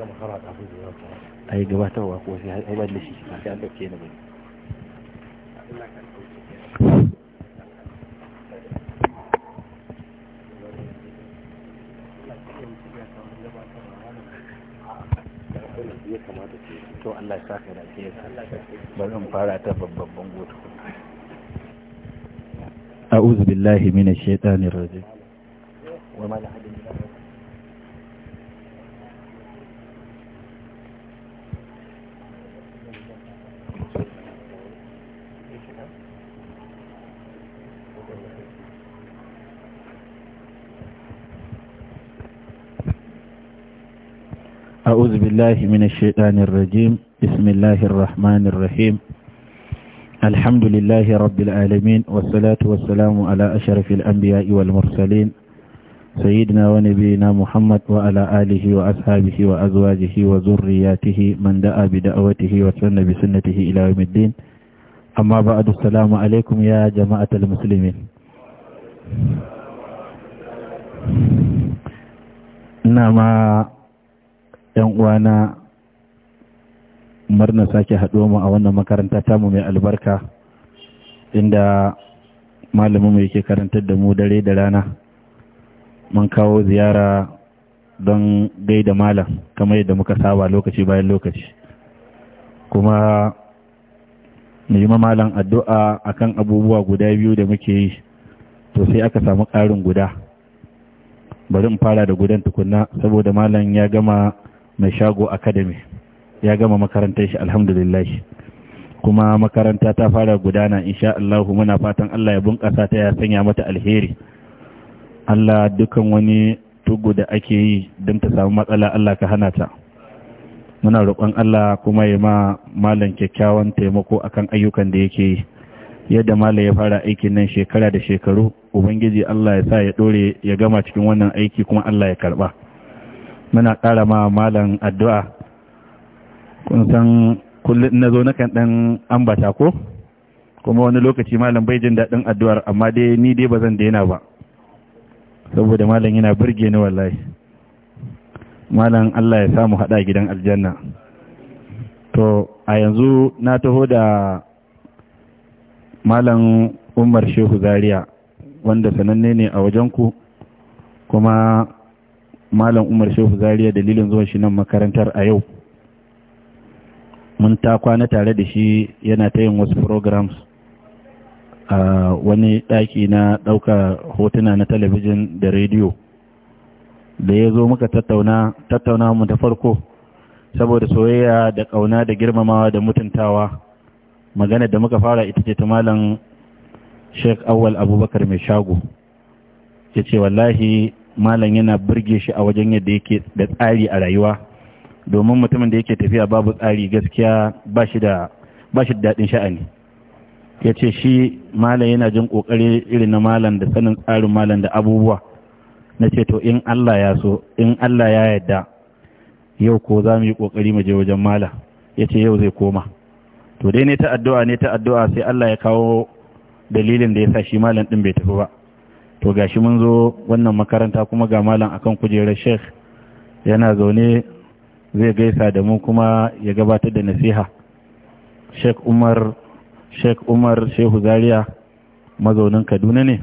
gama fara kafin da zama fara ai gabatarwa ko sai da shi an ni to Allah ya saka da ke bari in fara ta babban goto أعوذ بالله من الشيطان الرجيم بالله من الشيطان الرجيم بسم الله الرحمن الرحيم الحمد لله رب العالمين والصلاة والسلام على أشرف الأنبياء والمرسلين سيدنا ونبينا محمد وعلى آله وأصحابه وأزواجه وذرياته من دعا بدعوته وسن بسنته إلى يوم الدين أما بعد السلام عليكم يا جماعة المسلمين نعم 'yan uwana murna sake haɗo mu a wannan makaranta tamu mai albarka inda malamin mu yake karantar da mu dare da rana mun kawo ziyara don gaida malam kamar yadda muka saba lokaci bayan lokaci kuma ma malam addu'a akan abubuwa guda biyu da muke yi to sai aka samu ƙarin guda bari in fara da gudan tukunna saboda malam ya gama mai shago academy ya gama makarantar shi alhamdulillah kuma makaranta ta fara gudana insha Allah muna fatan Allah ya bunƙasa ta ya sanya mata alheri Allah dukan wani tugu da ake yi don ta samu matsala Allah ka hana ta muna roƙon Allah kuma ya ma malam kyakkyawan taimako akan ayyukan da yake yi yadda malam ya fara aikin nan shekara da shekaru ubangiji Allah ya sa ya dore ya gama cikin wannan aiki kuma Allah ya karba muna ƙara ma malam addu'a kun san kullum na zo nakan ɗan ambata ko kuma wani lokaci malam bai jin daɗin addu'ar amma dai ni dai ba zan daina ba saboda malam yana birge ni wallahi malam Allah ya samu haɗa gidan aljanna to a yanzu na taho da malam umar shehu Zariya wanda sananne ne a wajen ku kuma malam umar shehu zariya dalilin zuwa shi nan makarantar a yau mun ta kwana tare da shi yana ta yin wasu programs a wani daki na ɗauka hotuna na talabijin da rediyo da ya zo muka tattauna tattauna mu ta farko saboda soyayya da ƙauna da girmamawa da mutuntawa magana da muka fara ita ce ta malam sheik awwal abubakar mai shago ya ce wallahi malam yana burge shi a wajen yadda yake da tsari a rayuwa domin mutumin da yake tafiya babu tsari gaskiya ba shi da daɗin sha'ani ya ce shi malam yana jin ƙoƙari irin na malam da sanin tsarin malam da abubuwa na ce to in Allah ya so in Allah ya yadda yau ko za mu yi ƙoƙari mu je wajen malam ya ce yau zai koma to dai ne ta addu'a ne ta addu'a sai Allah ya kawo dalilin da ya sa shi malam ɗin bai tafi ba to gashi mun zo wannan makaranta kuma ga malam akan kujerar sheikh yana zaune zai gaisa da mu kuma ya gabatar da nasiha sheikh umar sheikh umar shehu zaria mazaunin kaduna ne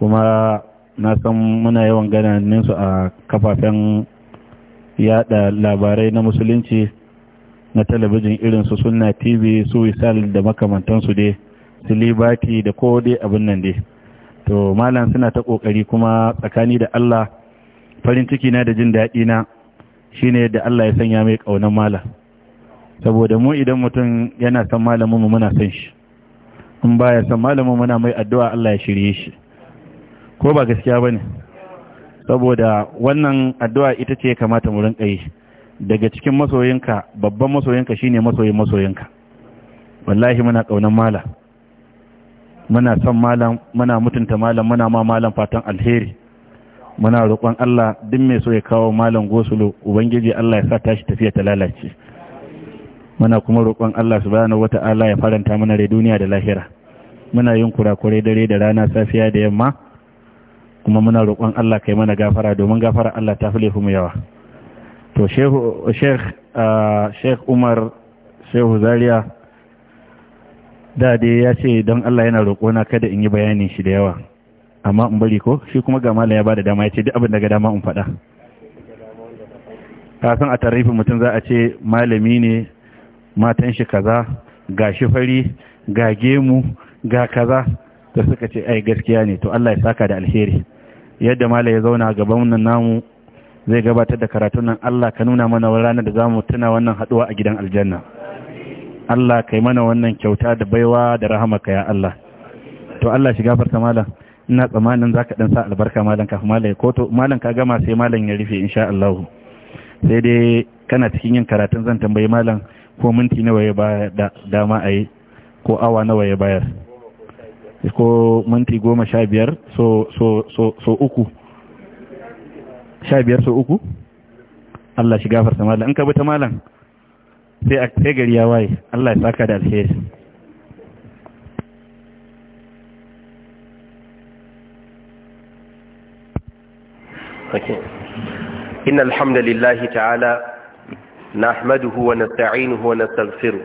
kuma na san muna yawan su a kafafen yada labarai na musulunci na talabijin irin su sunna tv su wisal da makamantansu dai su libati da ko dai abin nan dai to malam suna ta kokari kuma tsakani da Allah farin ciki na da jin daɗi na shine yadda Allah ya sanya mai kaunan malam saboda mu idan mutum yana san malamin mu muna son shi in baya san malamin muna mai addu'a Allah ya shirye shi ko ba gaskiya bane saboda wannan addu'a ita ce kamata mu rinka yi daga cikin masoyinka babban masoyinka shine masoyin masoyinka wallahi muna kaunan malam. muna son malam muna mutunta malam muna ma malam fatan alheri muna roƙon Allah duk mai so ya kawo malam gosulo ubangiji Allah ya sa tashi tafiya ta lalace muna kuma roƙon Allah subhanahu wata'ala ya faranta mana rai duniya da lahira muna yin kurakurai dare da rana safiya da yamma kuma muna roƙon Allah kai mana gafara domin gafara Allah ta fi mu yawa to sheikh ah, sheikh Umar shehu Zariya. da dai ya ce don Allah yana roƙona kada in yi bayanin shi da yawa amma in bari ko shi kuma ga malam ya bada dama ya ce duk abin da ga dama in faɗa kafin a tarifin mutum za a ce malami ne matan shi kaza ga shi fari ga gemu ga kaza da suka ce ai gaskiya ne to Allah ya saka da alheri yadda malam ya zauna gaban nan namu zai gabatar da karatun nan Allah ka nuna mana wani ranar da zamu tuna wannan haduwa a gidan aljanna Allah kai mana wannan kyauta da baiwa da rahamaka ya Allah to Allah shi gafarta malam ina tsamanin zaka dan sa albarka malam kafin malam ko to malam ka gama sai malam ya rufe insha Allah sai dai kana cikin yin karatun zan tambayi malam ko minti nawa ya bayar da dama ayi ko awa nawa ya bayar ko minti goma sha biyar so, so, so, so uku sha biyar so uku Allah shi gafarta malam in ka bi ta malam sai a tegari ya waye Allah ya saka da alheri ina alhamdulillahi ta'ala na ahmaduhu wa nasta'inuhu wa nasta'firu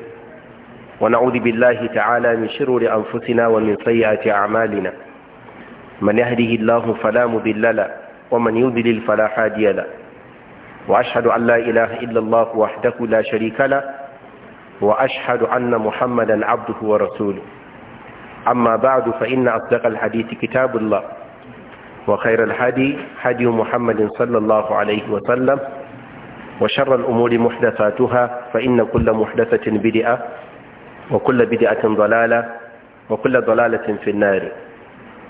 wa na'udhu billahi ta'ala min shiru shururi anfusina wa min sayyiati a'malina man yahdihillahu fala mudilla wa man yudlil fala hadiya وأشهد أن لا إله إلا الله وحده لا شريك له وأشهد أن محمدا عبده ورسوله أما بعد فإن أصدق الحديث كتاب الله وخير الحدي هدي محمد صلى الله عليه وسلم وشر الأمور محدثاتها فإن كل محدثة بدئة وكل بدئة ضلالة وكل ضلالة في النار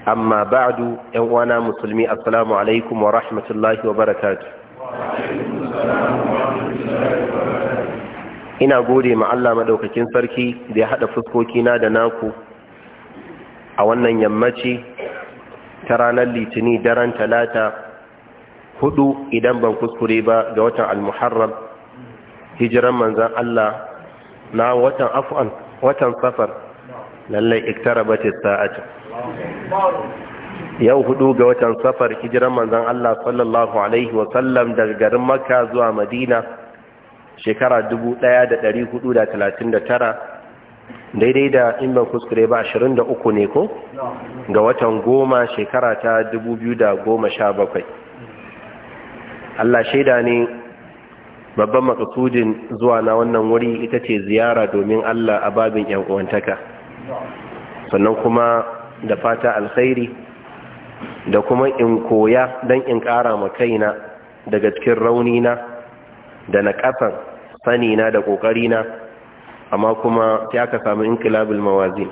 أما بعد أنا مسلمي السلام عليكم ورحمة الله وبركاته ina gode ma Allah madaukakin sarki da ya haɗa fuskokina da naku a wannan yammaci ta ranar litini daren talata hudu idan ban kuskure ba ga watan almuharram hijiran manzan Allah na watan watan safar lallai iktarabatis sa'atu yau hudu ga watan safar hijiran manzan Allah sallallahu Alaihi wasallam daga garin Makka zuwa Madina shekara 1439 daidai da imban kuskure ba 23 ne ko? ga watan goma shekara ta 2017 Allah shaida ne babban makasudin zuwa na wannan wuri ita ce ziyara domin Allah a babin 'yan uwantaka sannan kuma da fata alkhairi da kuma in koya don in ƙara ma kaina daga cikin raunina da na ƙasan sanina da ƙoƙarina amma kuma sai aka samu inkilabul mawazin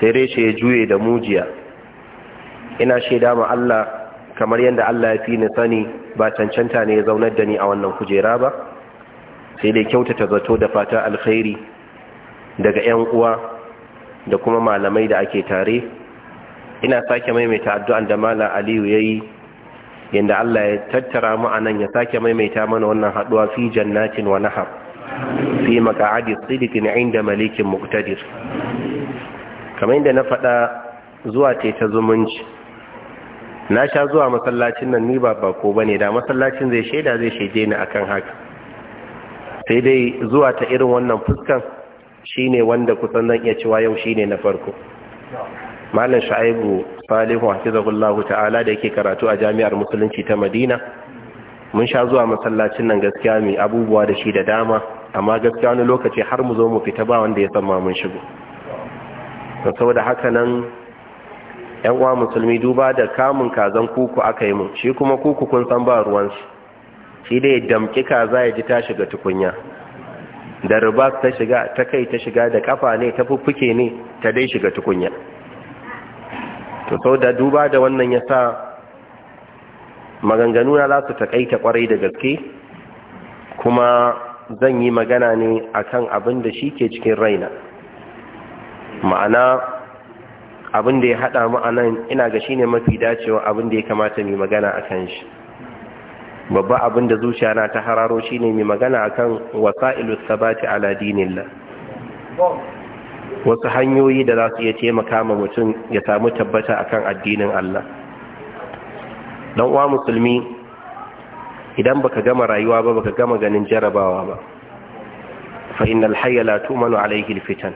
sai reshe ya juye da mujiya ina shaida ma Allah kamar yadda Allah ya fi ni sani ba cancanta ne ya zaunar da ni a wannan kujera ba sai dai kyautata zato da fata alkhairi daga 'yan uwa da kuma malamai da ake tare ina sake maimaita addu'an da mala aliyu ya yi yadda Allah ya tattara mu nan ya sake maimaita mana wannan haɗuwa fi jannatin wa nahar fi maka'adi sidikin inda malikin muktadir kamar yadda na faɗa zuwa ce ta zumunci na sha zuwa masallacin nan ni ba bako ba ne da masallacin zai shaida zai shaide ni akan haka sai dai zuwa ta irin wannan fuskan shine wanda kusan zan iya cewa yau shine na farko malam shu'aibu salihu hafizahullahu ta'ala da yake karatu a jami'ar musulunci ta madina mun sha zuwa masallacin nan gaskiya mai abubuwa da shi da dama amma gaskiya wani lokaci har mu zo mu fita ba wanda ya ma mun shigo to saboda haka nan yan uwa musulmi duba da kamun kazan kuku aka yi mu shi kuma kuku kun san ba ruwan shi shi da ya damki kaza ya ji ta shiga tukunya da rubas ta shiga ta kai ta shiga da kafa ne ta fuffuke ne ta dai shiga tukunya to sau da duba da wannan ya sa maganganu na za su takaita kwarai da gaske kuma zan yi magana ne akan abin da shi ke cikin raina ma'ana abin da ya haɗa mu a ina ga shi ne mafi dacewa abin da ya kamata mai magana a kan shi babba abin da zuciya na ta hararo shi ne mai magana a kan wasa'ilu sabati aladinin la. wasu hanyoyi da za su iya taimaka ma mutum ya samu tabbata akan addinin Allah dan uwa musulmi idan baka gama rayuwa ba baka gama ganin jarabawa ba fa innal hayya la tu'manu alayhi alfitan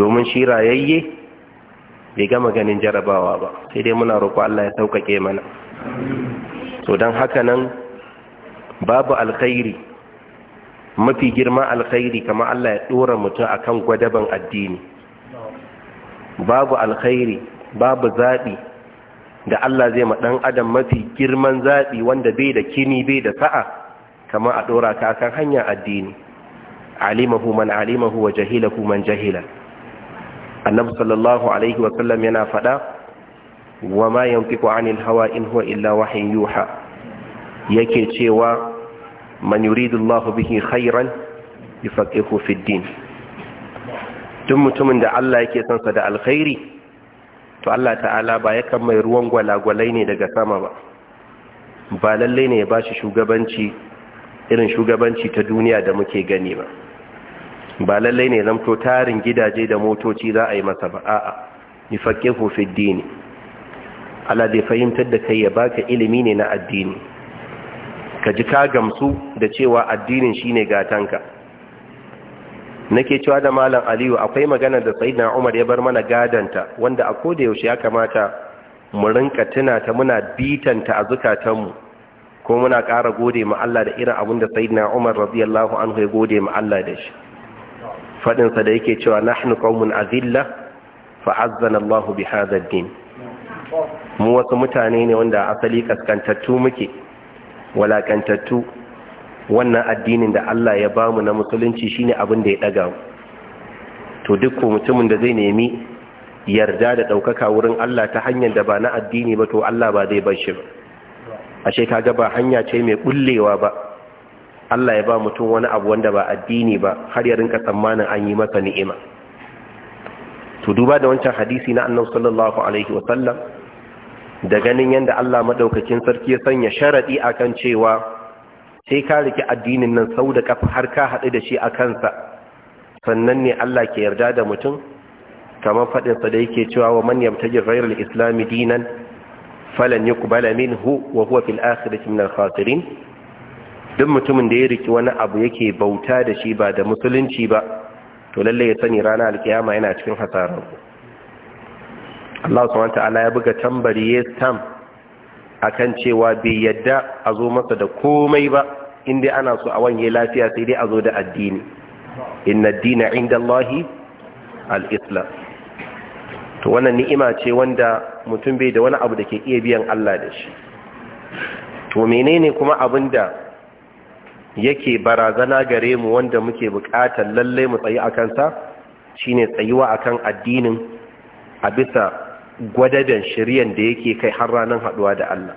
domin shi rayayye bai gama ganin jarabawa ba sai dai muna roƙo Allah ya sauƙaƙe mana To dan haka nan babu alkhairi mafi girma alkhairi kama Allah ya dora mutum akan gwadaban addini babu alkhairi babu zabi da Allah zai ma ɗan adam mafi girman zabi wanda bai da kini bai da sa'a kama a dora ka akan hanyar addini alimahu man alimahu wa jahilahu man jahila annabi sallallahu alaihi wa sallam yana fada wa ma yantiqu anil hawa in huwa illa wahyin yuha yake cewa man yuridu Allahu bihi khairan yufaqihu fid din duk mutumin da Allah yake son sa da alkhairi to Allah ta'ala ba yakan mai ruwan gwalagwalai ne daga sama ba ba lalle ne ya bashi shugabanci irin shugabanci ta duniya da muke gani ba ba lalle ne zamto tarin gidaje da motoci za a yi masa ba a'a yufaqihu fid din Allah zai fahimtar da kai ya baka ilimi ne na addini ka ji ka gamsu da cewa addinin shine gatanka nake cewa da malam aliyu akwai magana da sayyidina umar ya bar mana gadanta wanda a koda yaushe ya kamata mu rinka tuna ta muna bitanta a zukatanmu ko muna ƙara gode ma Allah da irin abin da sayyidina umar radiyallahu anhu ya gode ma Allah da shi fadin sa da yake cewa nahnu qaumun azilla fa azzana Allahu bi hadha din mu wasu mutane ne wanda asali kaskantattu muke walakantattu wannan addinin da Allah ya ba mu na musulunci shine abin da ya daga to duk mutumin da zai nemi yarda da ɗaukaka wurin Allah ta hanyar da ba na addini ba to Allah ba zai bar shi ba ashe kaga ba hanya ce mai kullewa ba Allah ya ba mutum wani abu wanda ba addini ba har ya rinka tsammanin an yi masa ni'ima to duba da wancan hadisi na annabi sallallahu alaihi wa sallam da ganin yadda Allah maɗaukakin sarki ya sanya sharaɗi akan cewa sai ka riki addinin nan sau da ƙafa har ka haɗu da shi a kansa sannan ne Allah ke yarda da mutum kamar faɗinsa da yake cewa wa man yabtaji ghairal islami dinan falan yuqbala Hu wa huwa fil akhirati minal khasirin duk mutumin da ya riki wani abu yake bauta da shi ba da musulunci ba to lalle ya sani ranar alkiyama yana cikin hasararku Allah subhanahu ya buga tambari ya tam akan cewa bai yadda a zo masa da komai ba inda ana so a wanye lafiya sai dai a zo da addini inna dina inda Allahi to wannan ni'ima ce wanda mutum bai da wani abu da ke iya biyan Allah da shi to menene kuma abin da yake barazana gare mu wanda muke bukatar lalle mu tsayi akan sa shine tsayuwa kan addinin a bisa gwadadan shiryan da yake kai har ranar haduwa da Allah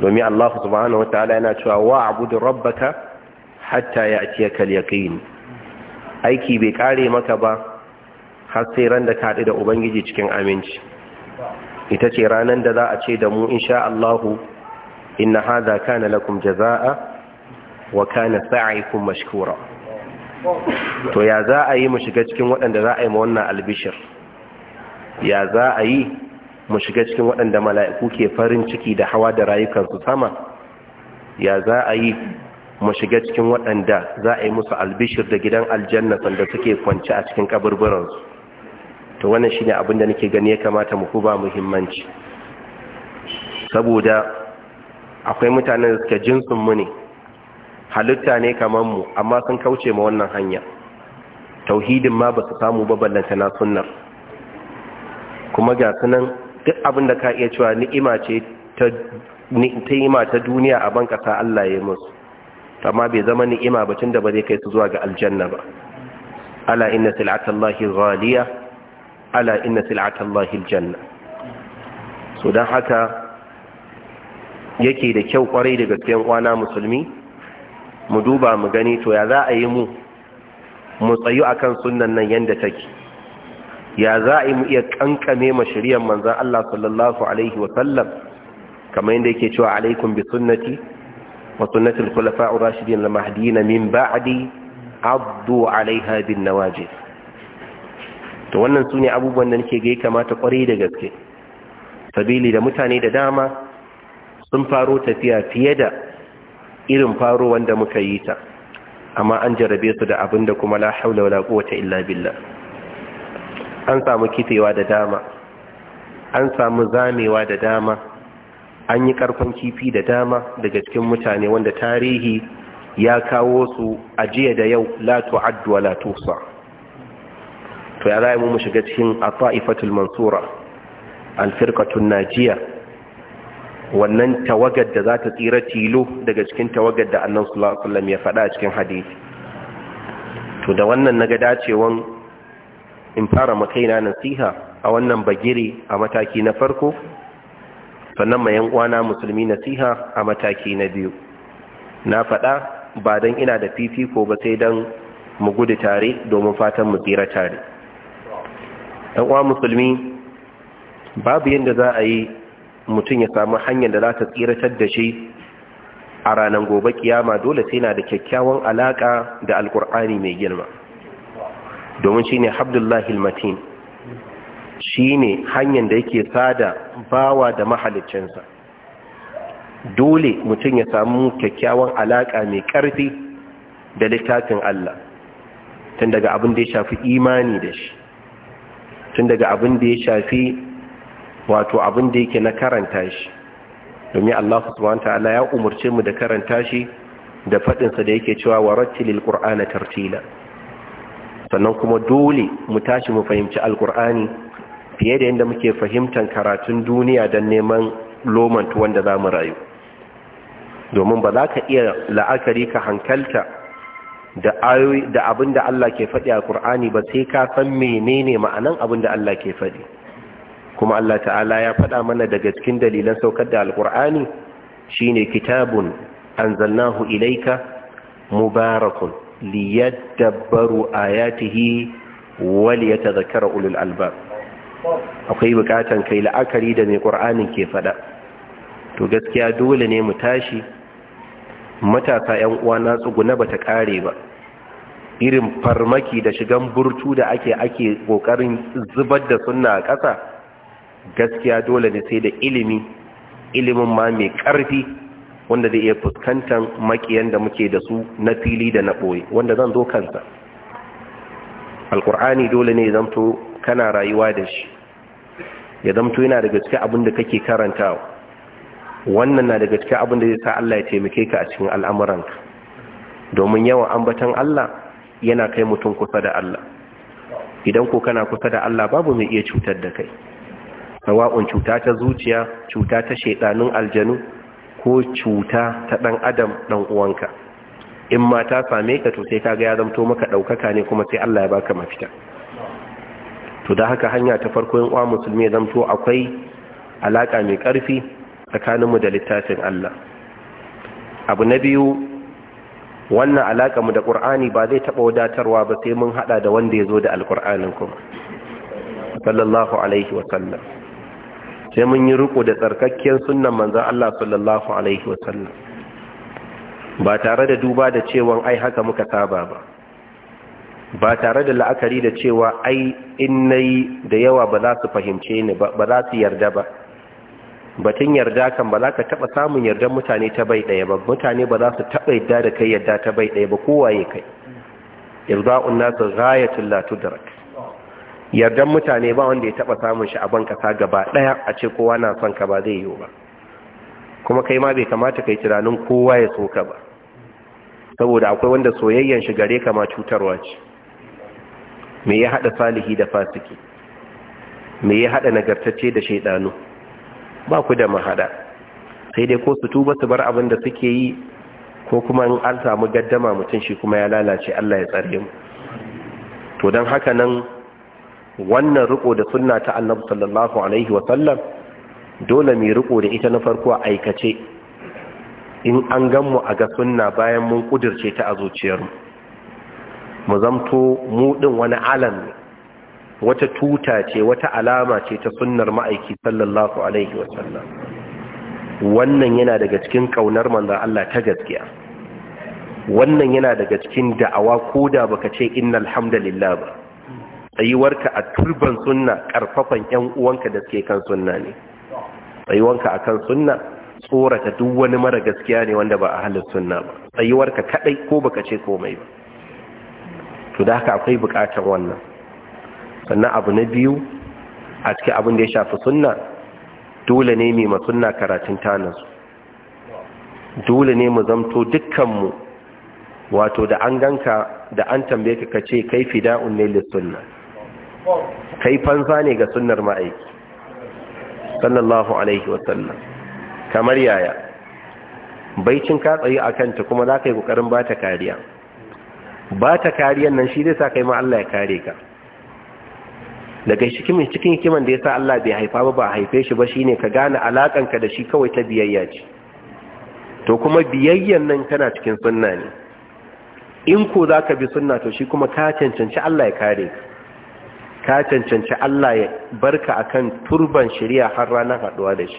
domin Allah subhanahu wa ta'ala yana cewa wa abudu rabbaka hatta ya'tiyaka al-yaqin aiki bai kare maka ba har sai ran da ka haɗu da ubangiji cikin aminci ita ce ranar da za a ce da mu insha Allahu inna hadha kana lakum jaza'a wa kana sa'ikum mashkura to ya za a yi mu shiga cikin waɗanda za a yi ma wannan albishir ya za a yi mu shiga cikin waɗanda mala'iku ke farin ciki da hawa da rayukansu sama ya za a yi mu shiga cikin waɗanda za a yi musu albishir da gidan aljanna sanda suke kwanci a cikin kaburburansu to wannan ne abin da nake gani ya kamata mu kuba muhimmanci saboda akwai mutane da suka jinsin mu ne halitta ne kamar mu amma sun kauce ma wannan hanya tauhidin ma ba su samu ba na sunnar kuma ga sunan duk abin da ka iya cewa ni'ima ce ta ni'ima ta duniya a ban kasa Allah ya musu amma bai zama ni'ima ba tunda ba zai kai su zuwa ga aljanna ba ala inna sil'atallahi ghaliya ala inna sil'atallahi aljanna so dan haka yake da kyau kwarai da gaskiyan kwana musulmi mu duba mu gani to ya za a yi mu mu tsayu akan sunnan nan yanda take ya za a yi mu iya kankame ma shari'ar manzan Allah sallallahu alaihi Wasallam? kamar yadda yake cewa alaikum bi sunnati wa sunnati al-khulafa ar-rashidin al min ba'di addu alaiha bin to wannan sune abubuwan da nake gai kamata kwarai da gaske sabili da mutane da dama sun faro tafiya fiye da irin faro wanda muka yi ta amma an jarabe su da abinda kuma la haula wala quwwata illa billah an samu kifewa da dama an samu zamewa da dama an yi karfin kifi da dama daga cikin mutane wanda tarihi ya kawo su ajiya da yau la tu'addu wa la to ya rayu mu shiga cikin ata'ifatul mansura na najiya wannan tawagar da za ta tsira tilo daga cikin tawagar da annabi sallallahu ya faɗa cikin hadisi to da wannan ga dacewan in fara makaina nasiha a wannan bagire a mataki na farko sannan ma yan uwana musulmi nasiha a mataki na biyu na faɗa ba don ina da fifiko ba sai don mu gudu tare domin fatan mu tsira tare yan uwa musulmi babu yadda za a yi mutum ya samu hanyar da za ta tsiratar da shi a ranar gobe kiyama dole sai na da kyakkyawan alaka da alkur'ani mai girma domin shi shine habdullahi shi ne hanyar da yake sada bawa da mahalicinsa dole mutum ya samu kyakkyawan alaka mai karfi da littafin Allah tun daga abin da ya shafi imani da shi tun daga abin da ya shafi wato abin da yake na karanta shi domin Allah subhanahu ta'ala ya umarce mu da karanta shi da faɗinsa da yake cewa wa warattilil qur'ana tartila sannan kuma dole mu tashi mu fahimci alkur'ani fiye da yadda muke fahimtar karatun duniya don neman lomant wanda za mu rayu domin ba za ka iya la'akari ka hankalta da abinda abin da Allah ke faɗi a ƙurani ba sai ka san menene ma'anan abin da Allah ke faɗi kuma Allah ta'ala ya faɗa mana daga cikin dalilan saukar da alkur'ani shine kitabun anzalnahu ilaika mubarakun liyadabbaru ayatihi wal yatadhakkara ulul albab akwai bukatan kai la'akari da mai qur'anin ke fada to gaskiya dole ne mu tashi matasa yan uwa na tsuguna bata kare ba irin farmaki da shigan burtu da ake ake kokarin zubar da sunna a ƙasa gaskiya dole ne sai da ilimi ilimin ma mai ƙarfi wanda zai iya fuskantar makiyan da muke da su na fili da na ɓoye wanda zan zo kansa alkur'ani dole ne zamto kana rayuwa da shi ya zamto yana daga cikin abin da kake karantawa wannan na daga cikin abin da zai sa Allah ya taimake ka a cikin al'amuranka domin yawan ambatan Allah yana kai mutum kusa da Allah idan ko kana kusa da Allah babu mai iya cutar da kai sawa'un cuta ta zuciya cuta ta shaidanun aljanu ko cuta ta ɗan adam ɗan uwanka in ma ta same ka to sai ka ga ya zamto maka ɗaukaka ne kuma sai Allah ya baka mafita to da haka hanya ta farko yin uwa musulmi ya zamto akwai alaka mai ƙarfi tsakaninmu da littafin Allah abu na biyu wannan alaka mu da ƙur'ani ba zai taɓa wadatarwa ba sai mun haɗa da wanda ya zo da alƙur'anin kuma sallallahu alaihi wasallam sai mun yi riko da tsarkakkiyar sunnan manzan Allah sallallahu alaihi wasallam ba tare da duba da cewa ai haka muka saba ba ba tare da la'akari da cewa ai in nayi da yawa ba za su fahimce ni ba ba za su yarda ba batun yarda kan ba za ka taba samun yardan mutane ta bai daya ba mutane ba za su taba yadda da kai yarda ta bai daya ba ya kai irza'un nasu ghayatul la tudrak yardan mutane ba wanda ya taba samun shi a ban kasa gaba daya a ce kowa na son ka ba zai yiwu ba kuma kai ma bai kamata kai tunanin kowa ya so ka ba saboda akwai wanda soyayyen shi gare ka ma cutarwa ce me ya hada salihi da fasiki me ya haɗa nagartacce da shaidanu ba ku da mahada sai dai ko su tuba su bar abin da suke yi ko kuma in an samu gaddama mutum shi kuma ya lalace Allah ya tsare mu to don haka nan wannan riko da sunna ta annabi sallallahu alaihi wa sallam dole mu riko da ita na farko a aikace in an gan mu a ga sunna bayan mun kudirce ta a zuciyarmu mu zamto mu din wani alam wata tuta ce wata alama ce ta sunnar ma'aiki sallallahu alaihi wa sallam wannan yana daga cikin kaunar manzon Allah ta gaskiya wannan yana daga cikin da'awa koda baka ce innal hamdalillah ba tsayuwarka a turban sunna karfafan yan uwanka da suke kan sunna ne a kan sunna tsorata duk wani mara gaskiya ne wanda ba halin sunna ba tsayuwarka kadai ko baka ce komai ba to da haka akwai bukatar wannan sannan abu na biyu a cikin abin da ya shafi sunna dole ne mai ma sunna karatun tanasu dole ne mu zamto dukkanmu wato da an ganka da an tambaye ka ce kai fida'un ne lissunna kai fansa ne ga sunnar ma'aiki sallallahu alaihi wasallam kamar yaya baicin ka tsayi a ta kuma za ka yi kokarin ba ta kariya ba ta kariyan nan shi zai sa kai ma Allah ya kare ka daga cikin hikiman da ya sa Allah bai haifa ba ba haife shi ba shine ka gane ka da shi kawai ta biyayya ce to kuma biyayyan nan kana cikin sunna ne in ko za ka bi sunna to shi kuma ka cancanci Allah ya kare ka ka cancanci Allah ya barka akan turban shari'a har ranar haɗuwa da shi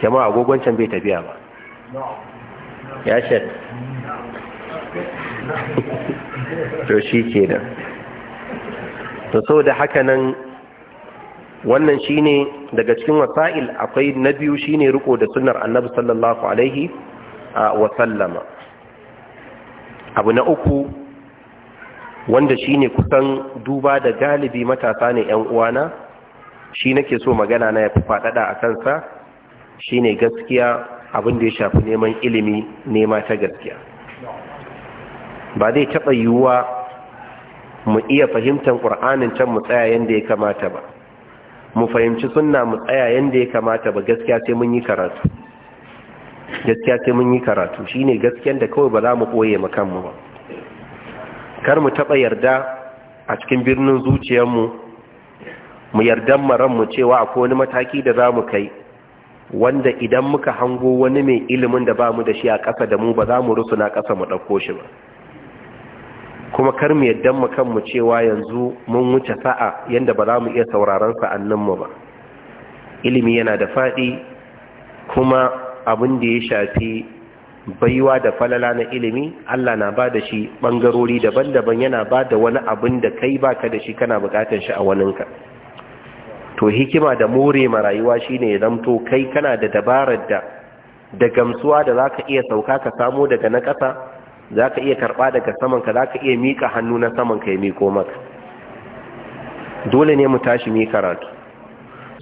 jama'a agogon can bai tafiya ba ya shar to shi da to da haka nan wannan ne daga cikin wasa'il akwai na biyu shi ne riko da sunar annabi sallallahu alaihi wasallama abu na uku wanda shine kusan duba da galibi matasa ne 'yan uwana shi nake so magana na ya fi faɗaɗa a kansa shine gaskiya abin da ya shafi neman ilimi nema ta gaskiya ba zai taɓa yiwuwa mu iya fahimtar ƙur'anin can mu tsaya yadda ya kamata ba mu fahimci suna mu tsaya yadda ya kamata ba gaskiya sai mun yi karatu gaskiya sai mun yi karatu Shi ne gaskiyan da kawai ba za mu ɓoye mu kanmu ba kar mu taɓa yarda a cikin birnin zuciyarmu mu yarda maranmu cewa akwai wani mataki da za mu kai wanda idan muka hango wani mai ilimin da ba mu da shi a ƙasa da mu ba za mu rusuna ƙasa mu ɗauko shi ba kuma kar mu yarda mu kan mu cewa yanzu mun wuce sa'a yadda ba za mu iya sauraron sa'anninmu ba ilimi yana da faɗi kuma abin da ya shafi baiwa da falala na ilimi Allah na ba da shi ɓangarori daban-daban yana ba da wani abin da kai baka da shi kana bukatar shi a waninka to hikima da more ma rayuwa shine ya zamto kai kana da dabarar da da gamsuwa da zaka iya sauka ka samo daga na ƙasa zaka iya karɓa daga saman ka zaka iya mika hannu na saman ka ya miko maka dole ne mu tashi mu karatu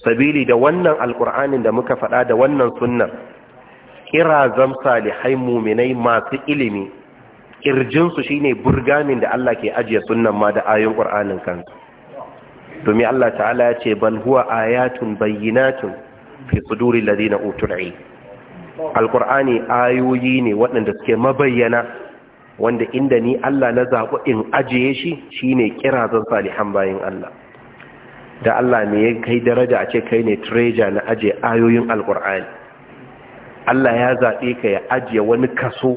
sabili da wannan alkur'anin da muka faɗa da wannan sunnar kirazam salihai muminai masu ilimi kirjinsu shine burgamin da Allah ke ajiye sunnan ma da ayoyin Qur'anin kansu domin Allah ta'ala ya ce bal huwa ayatun bayyinatun fi suduri ladina utul alqur'ani ayoyi ne waɗanda suke mabayyana wanda inda ni Allah na zaɓi in ajiye shi shine kirazan salihan bayin Allah da Allah ne ya kai daraja a ce kai ne treasure na ajiye ayoyin alqur'ani Allah ya zaɓe ka ya ajiye wani kaso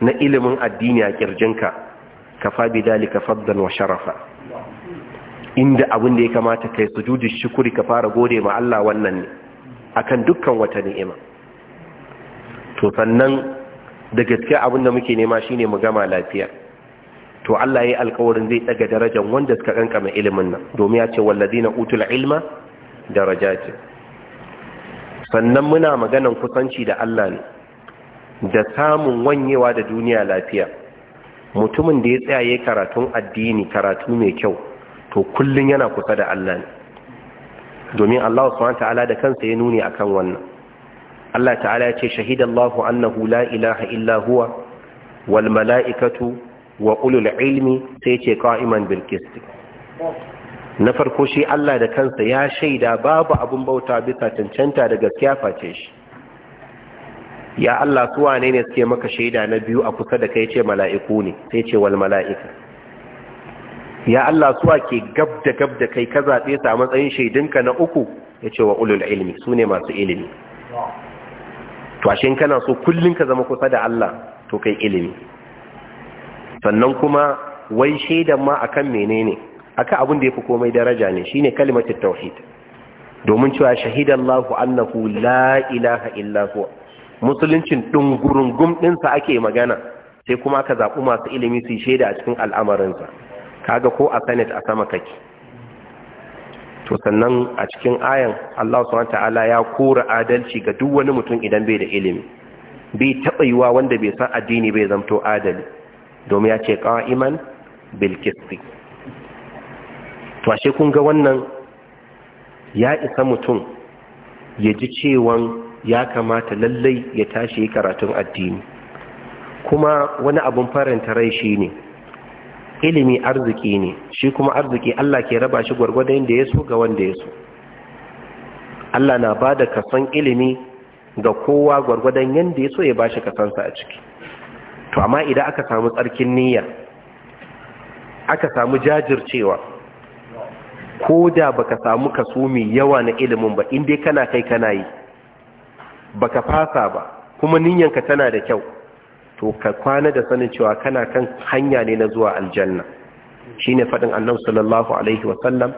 na ilimin addini a ƙirjinka ka fabi dalika faddan wa sharafa inda abin da ya kamata kai sujudi shukuri ka fara gode ma Allah wannan ne akan dukkan wata ni'ima to sannan da gaske abin da muke nema shine mu gama lafiya to Allah yayi alƙawarin zai ɗaga darajar wanda suka kankama ilimin nan domin ya ce walladina utul ilma ce. sannan muna maganan kusanci da Allah ne da samun wanyewa da duniya lafiya mutumin da ya tsaya ya karatun addini karatu mai kyau to kullum yana kusa da Allah ne domin Allah subhanahu ta'ala da kansa ya nuni akan wannan Allah ta'ala ya ce shahidallahu annahu la ilaha illa huwa wal mala'ikatu wa ulul ilmi sai ce qa'iman bil qist na farko shi Allah da kansa ya shaida babu abun bauta bisa cancanta da gaskiya face shi ya Allah su wane ne suke maka shaida na biyu a kusa da kai ce mala'iku ne sai ce wal mala'ika ya Allah su ke gab da gab da kai ka zaɓe sa matsayin shaidinka na uku ya ce wa ulul ilmi su ne masu ilimi to a shin kana so kullun ka zama kusa da Allah to kai ilimi sannan kuma wai shaidan ma akan menene akan abin da fi komai daraja ne shine kalimatar tauhid domin cewa shahidallahu annahu la ilaha illa huwa musuluncin dungurungum din sa ake magana sai kuma aka zaɓi masu ilimi su shaida a cikin al'amarinsa kaga ko a sanet a sama kake to sannan a cikin ayan Allah subhanahu ta'ala ya kora adalci ga duk wani mutum idan bai da ilimi bai taɓa yiwa wanda bai san addini bai zamto adali domin ya ce qa'iman bil qisti to ashe kun ga wannan ya isa mutum ya ji cewan ya kamata lallai ya tashi karatun addini kuma wani abun faranta rai shi ne ilimi arziki ne shi kuma arziki Allah ke raba shi gwargwadon da ya so ga wanda ya so Allah na ba da kasan ilimi ga kowa gwargwadon yadda ya so ya ba shi kasansa a ciki to amma idan aka samu tsarkin niyya aka samu jajircewa ko da baka samu kaso mai yawa na ilimin ba inda kana kai kana yi baka fasa ba kuma niyyanka tana da kyau to ka kwana da sanin cewa kana kan hanya ne na zuwa aljanna shine fadin annabi sallallahu alaihi wa sallam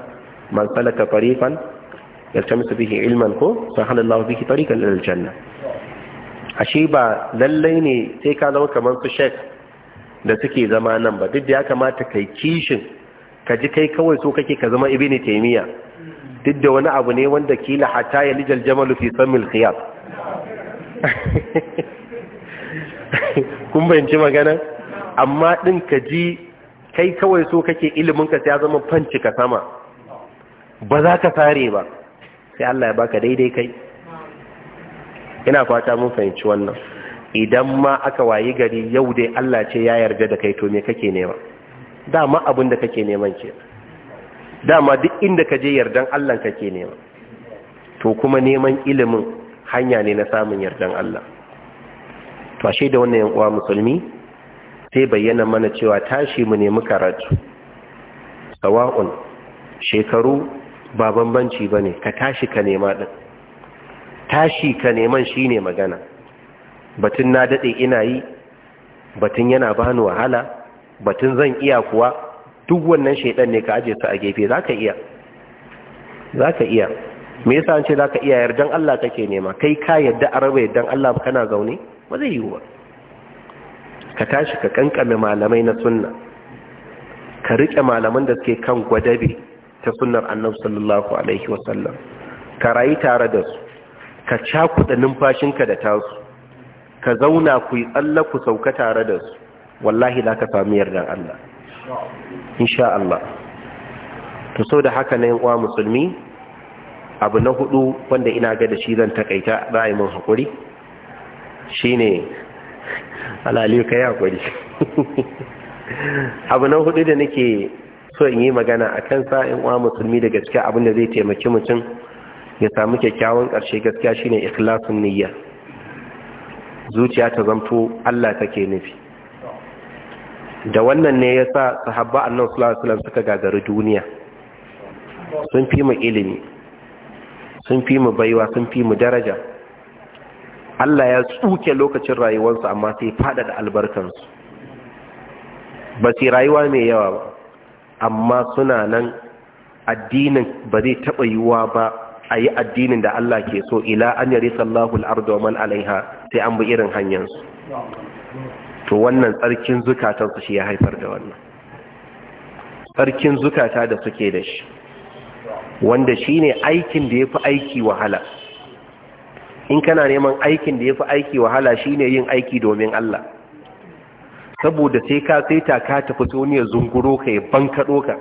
man salaka tariqan yaltamisu bihi ilman ko sahalallahu bihi tariqan lil aljanna. ashe ba lallai ne sai ka zama kamar su shek da suke zama nan ba duk da ya kamata kai kishin ka ji kai kawai so kake ka zama ibini taimiya duk da wani abu ne wanda kila hata ya lijal jamalu fi samil khiyar kun bayanci magana amma din ka ji kai kawai so kake ilimin ka ya zama fanci ka sama ba za ka sare ba sai Allah ya baka daidai kai ina fata mun fahimci wannan idan ma aka wayi gari yau dai Allah ce ya yarda da kai to me kake nema dama abin da kake neman ke dama duk inda ka je yardan Allah kake nema to kuma neman ilimin hanya ne na samun yardan Allah to ashe da wannan uwa musulmi sai bayyana mana cewa tashi mu nemi karatu sawa'un shekaru ba bambanci bane ka tashi ka nema din tashi ka neman shine magana batun na dade ina yi batun yana bani wahala batun zan iya kuwa duk wannan shaidan ne ka aje su a gefe za ka iya za iya me yasa an ce za ka iya yardan Allah kake nema kai ka yadda a raba yardan Allah kana zaune ba zai yiwu ba ka tashi ka kankame malamai na sunna ka riƙe malaman da suke kan gwadabe ta sunnar annabi sallallahu alaihi wasallam ka rayu tare da su ka cakuɗa numfashinka da tasu ka zauna ku yi ku sauka tare da su wallahi za ka sami yardan Allah insha Allah to so da haka na uwa musulmi abu na hudu wanda ina ga da shi zan takaita ra'ayin hakuri shine alali ka ya hakuri abu na hudu da nake so in yi magana akan sa sa'in uwa musulmi da gaskiya abin da zai taimaki mutum ya samu kyakkyawan ƙarshe gaskiya shine ikhlasun niyya zuciya ta zamto Allah take nufi da wannan ne ya sa sahabba annan sulasulam suka gagari duniya sun fi mu ilimi sun fi mu baiwa sun fi mu daraja Allah ya tsuke lokacin rayuwarsu amma sai fada da albarkansu ba su rayuwa mai yawa ba amma suna nan addinin ba zai taɓa yiwuwa ba a yi addinin da Allah ke so ila an yari sallahu al'ardu wa man alaiha sai an bi irin hanyarsu to wannan tsarkin zukatan su shi ya haifar da wannan tsarkin zukata da suke da shi wanda shi ne aikin da ya fi aiki wahala in kana neman aikin da ya fi aiki wahala shi ne yin aiki domin Allah saboda sai ka ta ka tafi ya zunguro ka yi bankaɗo ka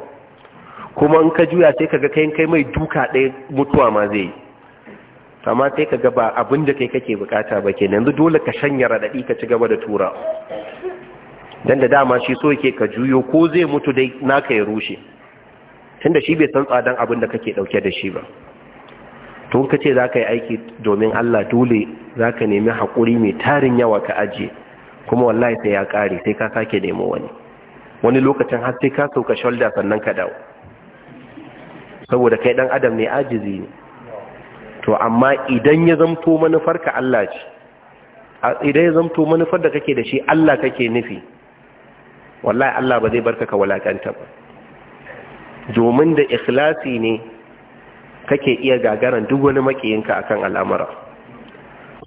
kuma in ka juya sai ka ga kayan kai mai duka ɗaya mutuwa ma zai yi amma sai ka gaba abin da kai kake bukata ba ke yanzu dole ka shanya raɗaɗi ka ci gaba da tura don da dama shi so yake ka juyo ko zai mutu dai naka ya rushe tunda shi bai san tsadan abin da kake ɗauke da shi ba tun ka ce za ka yi aiki domin Allah dole za ka nemi haƙuri mai tarin yawa ka ajiye kuma wallahi sai ya kare sai ka sake nemo wani wani lokacin har sai ka sauka shalda sannan ka dawo saboda kai ɗan adam ne ajizi ne to amma idan ya zamto ka Allah ce idan ya zamto manufar da kake da shi Allah kake nufi wallahi Allah ba zai barka ka walakanta ba domin da ikhlasi ne kake iya gagaran duk wani makiyinka akan al'amura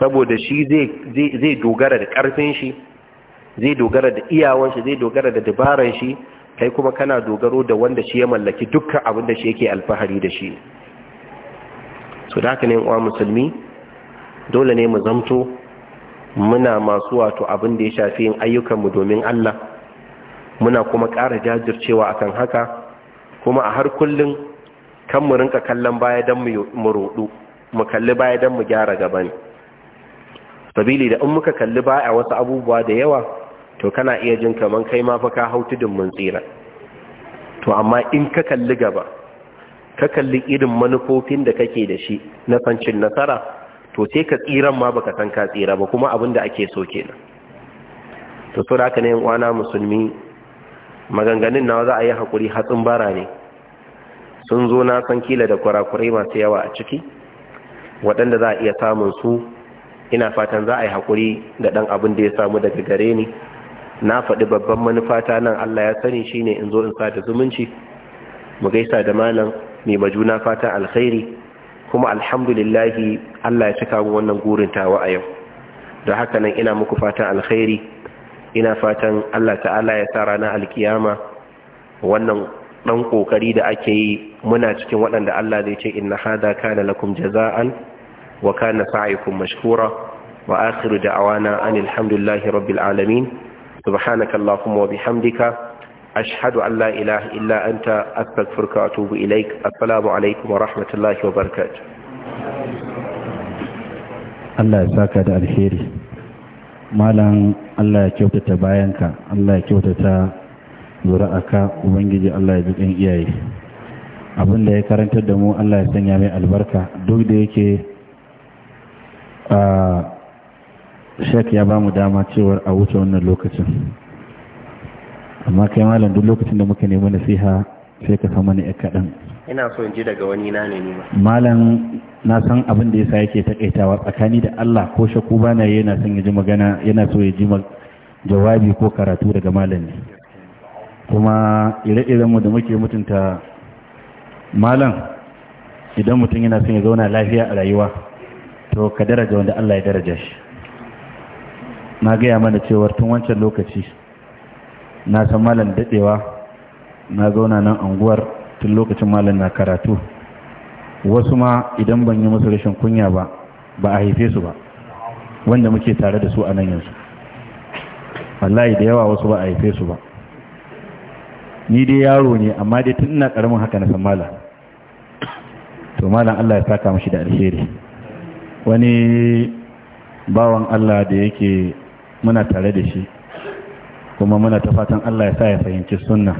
saboda shi zai dogara da karfin shi zai dogara da iyawan shi zai dogara da dabaran shi kai kuma kana dogaro da wanda shi ya mallaki dukkan abin da shi yake alfahari da shi To da haka ne wa musulmi dole ne mu zamto muna masu wato abin da ya shafi yin ayyukanmu domin Allah muna kuma ƙara jajircewa akan haka kuma a har kullum kan mu rinka kallon baya don mu roɗu mu kalli baya don mu gyara gaba ne sabili da in muka kalli baya wasu abubuwa da yawa to kana iya jin kaman kai ma fa ka hau tudun mun tsira to amma in ka kalli gaba ka kalli irin manufofin da kake da shi na fancin nasara to sai ka tsiran ma baka san ka tsira ba kuma abin da ake so kenan to so da haka ne uwana musulmi maganganun nawa za a yi hakuri hatsin bara ne sun zo na san kila da kurakurai masu yawa a ciki waɗanda za a iya samun su ina fatan za a yi hakuri da ɗan abin da ya samu daga gare ni na faɗi babban manufata nan Allah ya sani shine in zo in sa da zumunci mu gaisa da malam mai majuna fatan alkhairi kuma alhamdulillahi Allah ya cika mu wannan gurin tawa a yau don haka nan ina muku fatan alkhairi ina fatan Allah ta'ala ya sa ranar alkiyama wannan dan kokari da ake yi muna cikin waɗanda Allah zai ce inna hadha kana lakum jaza'an wa kana sa'ikum mashkura wa akhiru da'wana anil hamdulillahi rabbil alamin subhanakallahumma wa bihamdika ashhadu an la ilaha anta astaghfiruka wa atubu ilaik assalamu alaikum wa rahmatullahi Allah ya saka da alheri malam Allah ya kyautata bayanka Allah ya kyautata zuri'aka ubangiji Allah ya ji kan iyaye abin da ya karantar da mu Allah ya sanya mai albarka duk da yake a shek ya ba mu dama cewar a wuce wannan lokacin amma kai malam duk lokacin da muka nemi nasiha sai ka samu ne ya kaɗan ina so in ji daga wani na ne nima malam na san abin da yasa yake takaitawa tsakani da Allah ko shaku bana yana son ya ji magana yana so ya ji jawabi ko karatu daga malam ne kuma ire-iren mu da muke mutunta malam idan mutum yana son ya zauna lafiya a rayuwa to ka daraja wanda Allah ya daraja shi na gaya mana cewar tun wancan lokaci na san malam dadewa na zauna nan anguwar tun lokacin malam na karatu wasu ma idan ban yi musu rashin kunya ba ba a haife su ba wanda muke tare da su a nan yanzu wallahi da yawa wasu ba a haife su ba ni dai yaro ne amma dai tun ina karamin haka na san malam to malam Allah ya saka mashi da alheri wani bawan Allah da yake muna tare da shi kuma muna ta fatan Allah ya sa ya fahimci sunna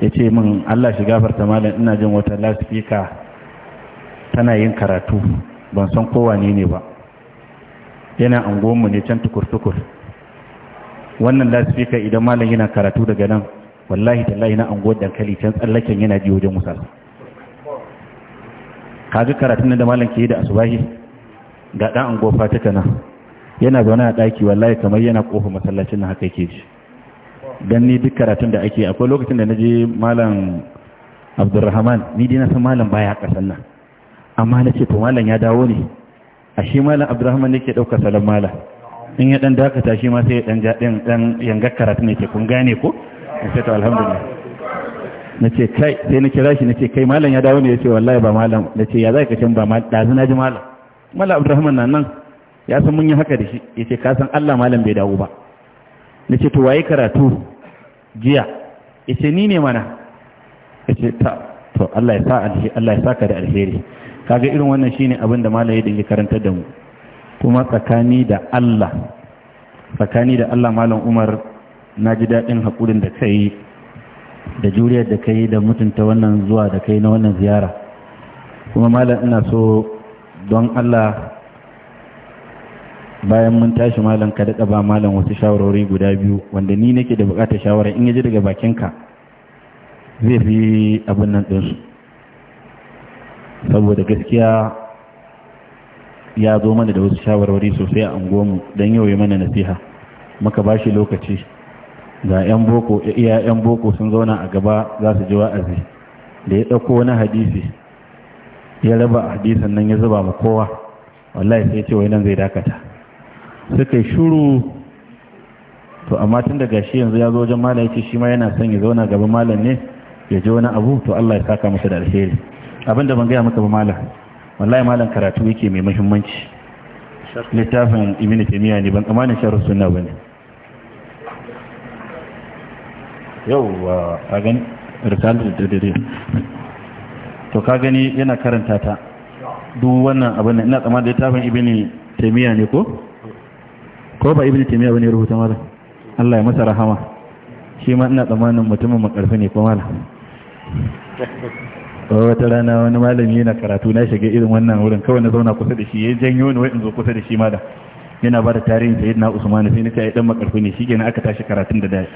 ya ce min Allah shi gafarta malin ina jin wata lasifika tana yin karatu ban san kowane ne ba yana angonmu ne can tukur-tukur wannan lasifika idan malin yana karatu daga nan wallahi tallahi na angon dankali can tsallaken yana ji wajen musasa kaji karatun da malam ke yi da asubahi ga ɗan gofa ta nan yana zaune a ɗaki wallahi kamar yana ƙofa masallacin na haka yake ji don ni duk karatun da ake akwai lokacin da na je malam abdurrahman ni dai na san malam baya ƙasan nan amma na ce to malam ya dawo ne a shi malam abdurrahman ne ke ɗaukar salon malam in ya ɗan dakata shi ma sai ɗan ɗan yanga karatun ne ke kun gane ko na ce to alhamdulillah na ce kai sai na kira shi na ce kai malam ya dawo ne ya ce wallahi ba malam na ce ya za ka can ba malam ɗazu na ji malam malam abdurrahman na nan ya san mun yi haka da shi ya ce kasan Allah malam bai dawo ba na ce to waye karatu jiya ya ce ni ne mana ya ce ta to Allah ya sa alheri Allah ya sa ka da alheri kaga irin wannan shi abin da malam ya dinga karantar da mu kuma tsakani da Allah tsakani da Allah malam Umar na ji daɗin haƙurin da kai da juriyar da kai da mutunta wannan zuwa da kai na wannan ziyara kuma malam ina so don Allah bayan mun tashi malam ka daɗa ba malam wasu shawarwari guda biyu wanda ni nake da bukatar shawara in yaji daga bakin ka zai fi abin nan ɗinsu saboda gaskiya ya zo mana da wasu shawarwari sosai a unguwarmu don yau yi mana nasiha muka ba shi lokaci ga 'yan boko iya 'yan boko sun zauna a gaba za su ji wa'azi da ya ɗauko na hadisi ya raba hadisan nan ya zuba ma kowa wallahi sai ce wai nan zai dakata suka yi shuru to amma tun daga shi yanzu ya zo wajen malam yace shi ma yana son ya zauna gaban malam ne ya ji wani abu to Allah ya saka masa da alheri abin da ban gaya maka ba malam wallahi malam karatu yake mai muhimmanci littafin ibn taymiya ne ban tsammanin sharh sunna bane Yau, a gani risalar da dare to ka gani yana karanta ta duk wannan abin ina tsammanin littafin ibn taymiya ne ko ko ba ibn taymiya bane rubuta malam Allah ya masa rahama shi ma ina tsammanin mutumin karfi ne ko malam wata rana wani malami yana karatu na shiga irin wannan wurin kawai na zauna kusa da shi ya janyo ni wai in zo kusa da shi malam yana ba da tarihin sayid na sai na ce ai dan makarfi ne shi aka tashi karatun da dai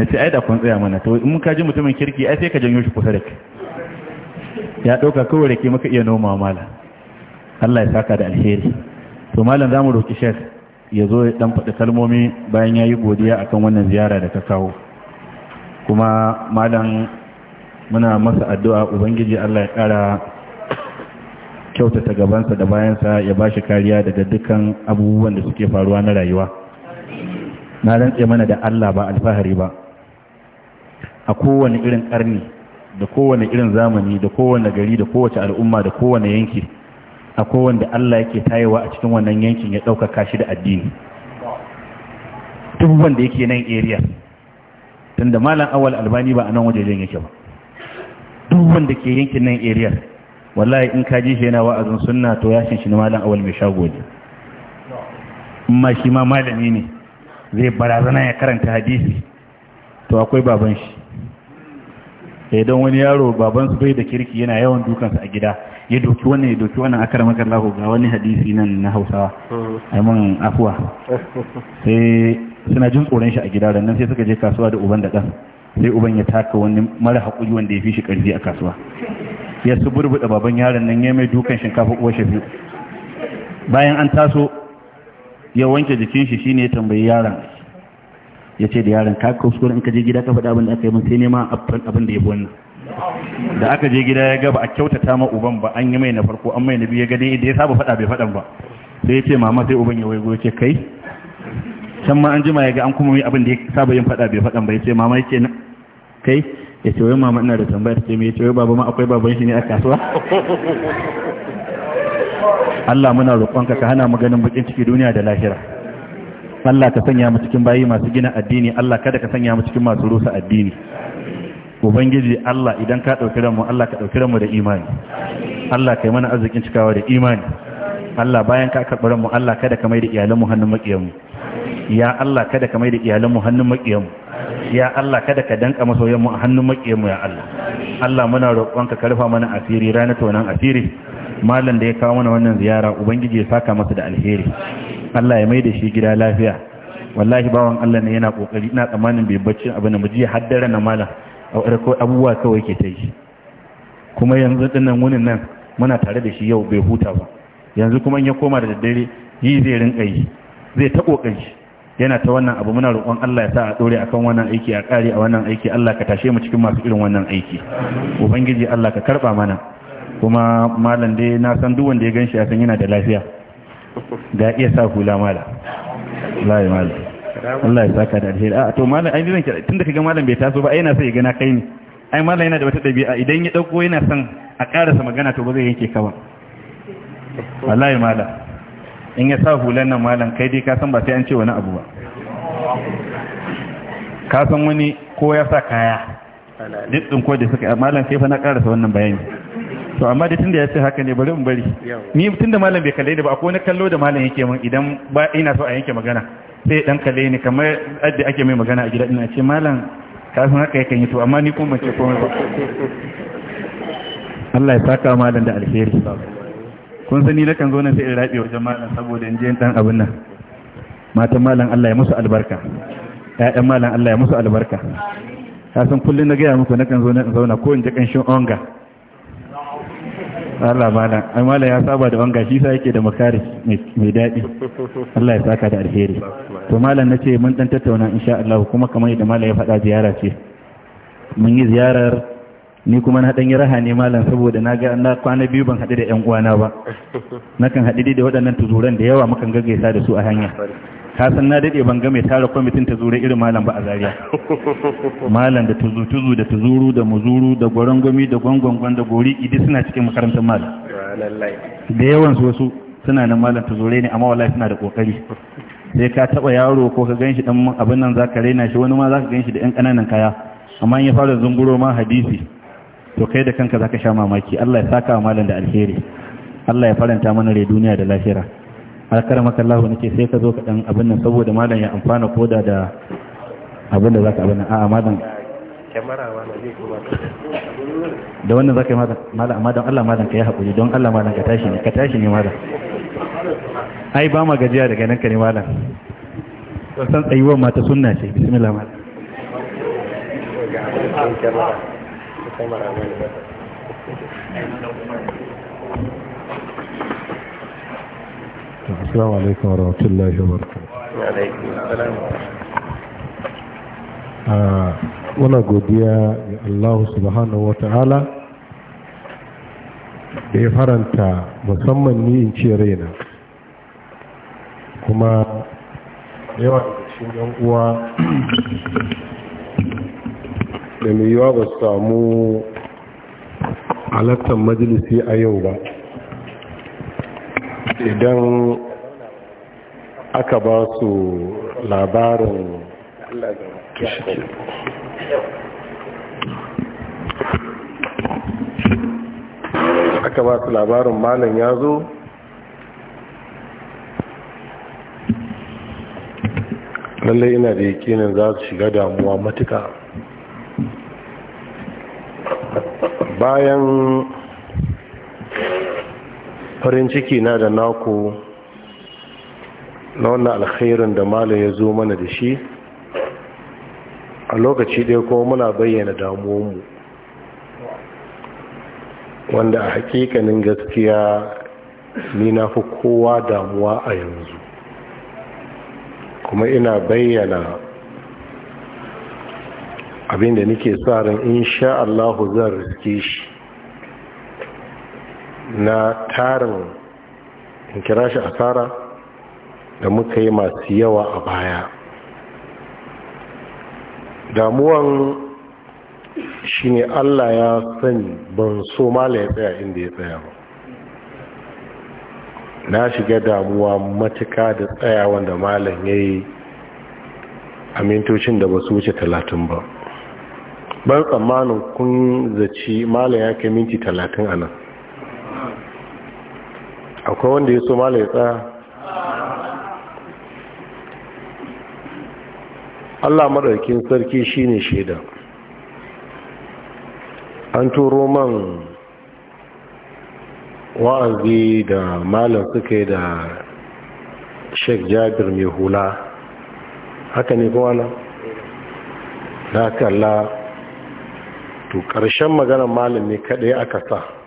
na ce ai da kun tsaya mana to in ka ji mutumin kirki ai sai ka janyo shi kusa da kai ya dauka kawai rake maka iya noma mala Allah ya saka da alheri to malam zamu roki shek ya zo ya dan faɗi kalmomi bayan ya yi godiya akan wannan ziyara da ka kawo kuma malam muna masa addu'a ubangiji Allah ya ƙara kyautata gabansa da bayansa ya ba shi kariya daga dukkan abubuwan da suke faruwa na rayuwa na rantse mana da Allah ba alfahari ba a kowane irin ƙarni da kowane irin zamani da kowane gari da kowace al'umma da kowane yanki akwai wanda Allah yake tayewa a cikin wannan yankin ya ɗaukaka shi da addini duk wanda yake nan area tunda malam awal albani ba a nan wajen yake ba duk wanda ke yankin nan area wallahi in ka ji shi yana wa'azin sunna to ya shi malam awal mai shago ne amma shi ma malami ne zai barazana ya karanta hadisi to akwai baban shi eh, don wani yaro baban su bai da kirki yana yawan dukansa a gida ya doki wannan ya doki wannan akara makar lahu ga wani hadisi nan na hausawa hmm. ai mun afuwa sai suna jin tsoron shi a gida nan sai suka je kasuwa da uban da ɗan sai uban ya taka wani mara haƙuri wanda ya fi shi ƙarfi a kasuwa ya su burbuɗa baban yaron nan ya mai dukan shinkafa uwar shafi. bayan an taso ya wanke jikin shi shine ya tambayi yaron ya ce da yaron ka kuskure in ka je gida ka faɗa abin da aka yi mun sai nema abin da ya fi wannan da aka je gida ya gaba a kyautata ma uban ba an yi mai na farko an mai na biyu ya gani da ya saba faɗa bai faɗan ba sai ya ce mama sai uban ya waigo ce kai can ma an jima ya ga an kuma mai abin da ya saba yin faɗa bai faɗan ba ya ce mama ya ce kai ya ce wai mama ina da tambaya ta ce mai ya ce wai baba ma akwai baban shi ne a kasuwa Allah muna roƙonka ka hana mu ganin bakin ciki duniya da lahira Allah ka sanya mu cikin bayi masu gina addini Allah kada ka sanya mu cikin masu rusa addini ubangiji Allah idan ka ɗauki ranmu Allah ka ɗauki ranmu da imani Allah ka yi mana arzikin cikawa da imani Allah bayan ka karɓi ranmu Allah kada ka mai da iyalanmu hannun maƙiyanmu ya Allah kada ka mai da iyalanmu hannun maƙiyanmu ya Allah kada ka danƙa masoyanmu a hannun maƙiyanmu ya Allah Allah muna roƙon ka karfa mana asiri ranar tonan asiri malam da ya kawo mana wannan ziyara ubangiji ya saka masa da alheri Allah ya mai da shi gida lafiya wallahi bawan Allah ne yana ƙoƙari, ina tsammanin bai bacci abin da mu ji haddara na malam abubuwa kawai ke ta yi kuma yanzu dinnan wunin nan muna tare da shi yau bai huta ba yanzu kuma ya koma da daddare yi zai rinka yi zai ta kokan yana ta wannan abu muna roƙon Allah ya sa a dore akan wannan aiki a ƙare a wannan aiki Allah ka tashe mu cikin masu irin wannan aiki ubangiji Allah ka karba mana kuma malam dai na san duk wanda ya ganshi ya san yana da lafiya da iya sa hula mala la malam. Allah ya saka da alheri a to malam ai zan kira tunda kaga malam bai taso ba ai yana sai ya gana kai ne ai malam yana da wata dabi'a idan ya dauko yana son a karasa magana to ba zai yanke ka ba wallahi malam in ya sa hulan nan malam kai dai ka san ba sai an ce wani abu ba ka san wani ko ya sa kaya duk ko da suka malam sai fa na karasa wannan bayani to amma da tunda ya ce haka ne bari in bari ni tunda malam bai kalle da ba akwai wani kallo da malam yake min idan ba ina so a yanke magana sai dan kalle ni kamar adda ake mai magana a gida ina ce malam ka san haka yake yi to amma ni kuma ce komai ba Allah ya saka malam da alheri kun sani na kan zo nan sai in rabe wajen malam saboda in je dan abin nan matan malam Allah ya musu albarka ƴaƴan malam Allah ya musu albarka ka san kullun na gaya muku na kan zo nan zauna ko in je kan shin onga Allah malam ai ya saba da wanga shi sai yake da makari mai daɗi Allah ya saka da alheri to malam ce mun dan tattauna insha Allah kuma kamar yadda malam ya faɗa ziyara ce mun yi ziyarar ni kuma na dan yi raha ne malam saboda na ga na kwana biyu ban haɗu da ƴan uwana ba nakan haɗu da waɗannan tuzuran da yawa mukan gaggaisa da su a hanya ka san na dade ban ga mai tara kwamitin ta zure irin malam ba a Zariya. malam da tuzu tuzu da tuzuru da muzuru da gwarangwami da gwangwangwan da gori idi suna cikin makarantar malam da yawan su wasu suna nan malam ta ne amma wallahi suna da kokari sai ka taba yaro ko ka ganshi dan abin nan zaka raina shi wani ma zaka ganshi da yan kananan kaya amma in ya fara zunguro ma hadisi to kai da kanka zaka sha mamaki Allah ya saka malam da alheri Allah ya faranta mana rai duniya da lafiya alkara Allah nake sai ka zo ka dan abin nan saboda malam ya amfana koda da abin da zaka abin nan a'a malam da wannan zaka yi malam amma don Allah malam ka yi hakuri don Allah malam ka tashi ne ka tashi ne malam ai ba ma gajiya daga nan ka ne malam to san tsayuwar mata sunna ce bismillah malam kamera barakatuh assalamu alaikum warahmatullahi wabarakatuh muna godiya ga Allah subhanahu wa ta'ala da ya faranta musamman ni in ce raina kuma yawa cikin yan uwa da mai yiwa ba su samu halattar majalisi a yau ba idan aka ba su labarin aka ba su labarin malam ya zo lallai ina da yakinin za su shiga damuwa matuka bayan farin ciki na da naku na wannan alkhairun da malam ya zo mana da shi a lokaci ɗaya kuma muna bayyana damuwanmu wanda a hakikanin gaskiya ni na fi kowa damuwa a yanzu kuma ina bayyana abinda nike sa ran in sha Allahu zan riske shi na tarin in kira shi asara da muka yi masu yawa a baya damuwan shine allah ya sani ban so mala ya tsaya inda ya tsaya ba na shiga damuwa matuka da tsaya wanda malam ya yi a mintocin da ba su wuce talatin ba ban tsammanin kun zaci malam ya kai minti talatin a nan akwai wanda ya so mala ya tsaya allah maɗaukin sarki shine shaida an turo man wa'azi da malam suka yi da sheik jabir mai hula haka ne kuma nan da haka allah to ƙarshen maganar malam ne kaɗai aka sa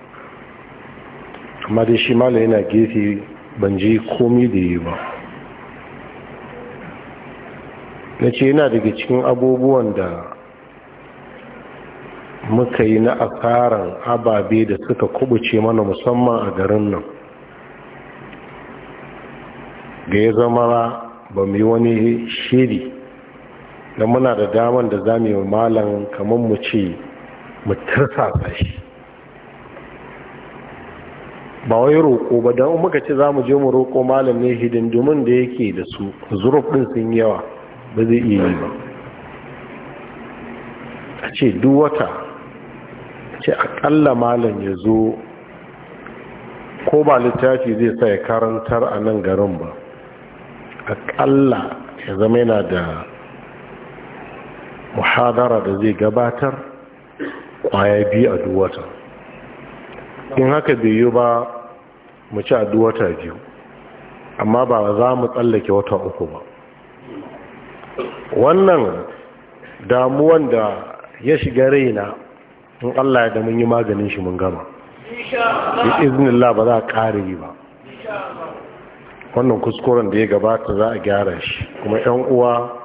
amma dai shi mala yana gefe ban ji komi da yi ba na ce yana daga cikin abubuwan da muka yi na asaran ababe da suka kubuce mana musamman a garin nan ga ya zama ba mu yi wani shiri da muna da daman da za mu yi malam kamar mu ce mu tursasa shi ba wai roƙo ba don muka ce za mu je mu roƙo malam ne hidindimin da yake da su zuruf ɗin sun yawa ba zai iya yi ba a ce duwata, wata ce aƙalla malam ya zo ko ba littafi zai sa ya karantar a nan garin ba aƙalla ya zama yana da muhadara da zai gabatar ƙwaya biyu a duwata. in haka bai ba mu ci addu wata biyu amma ba za mu tsallake wata uku ba wannan damuwan da ya shiga raina in Allah ya da mun yi maganin shi mun gama bi iznillah ba za a ƙare yi ba wannan kuskuren da ya gabata za a gyara shi kuma yan uwa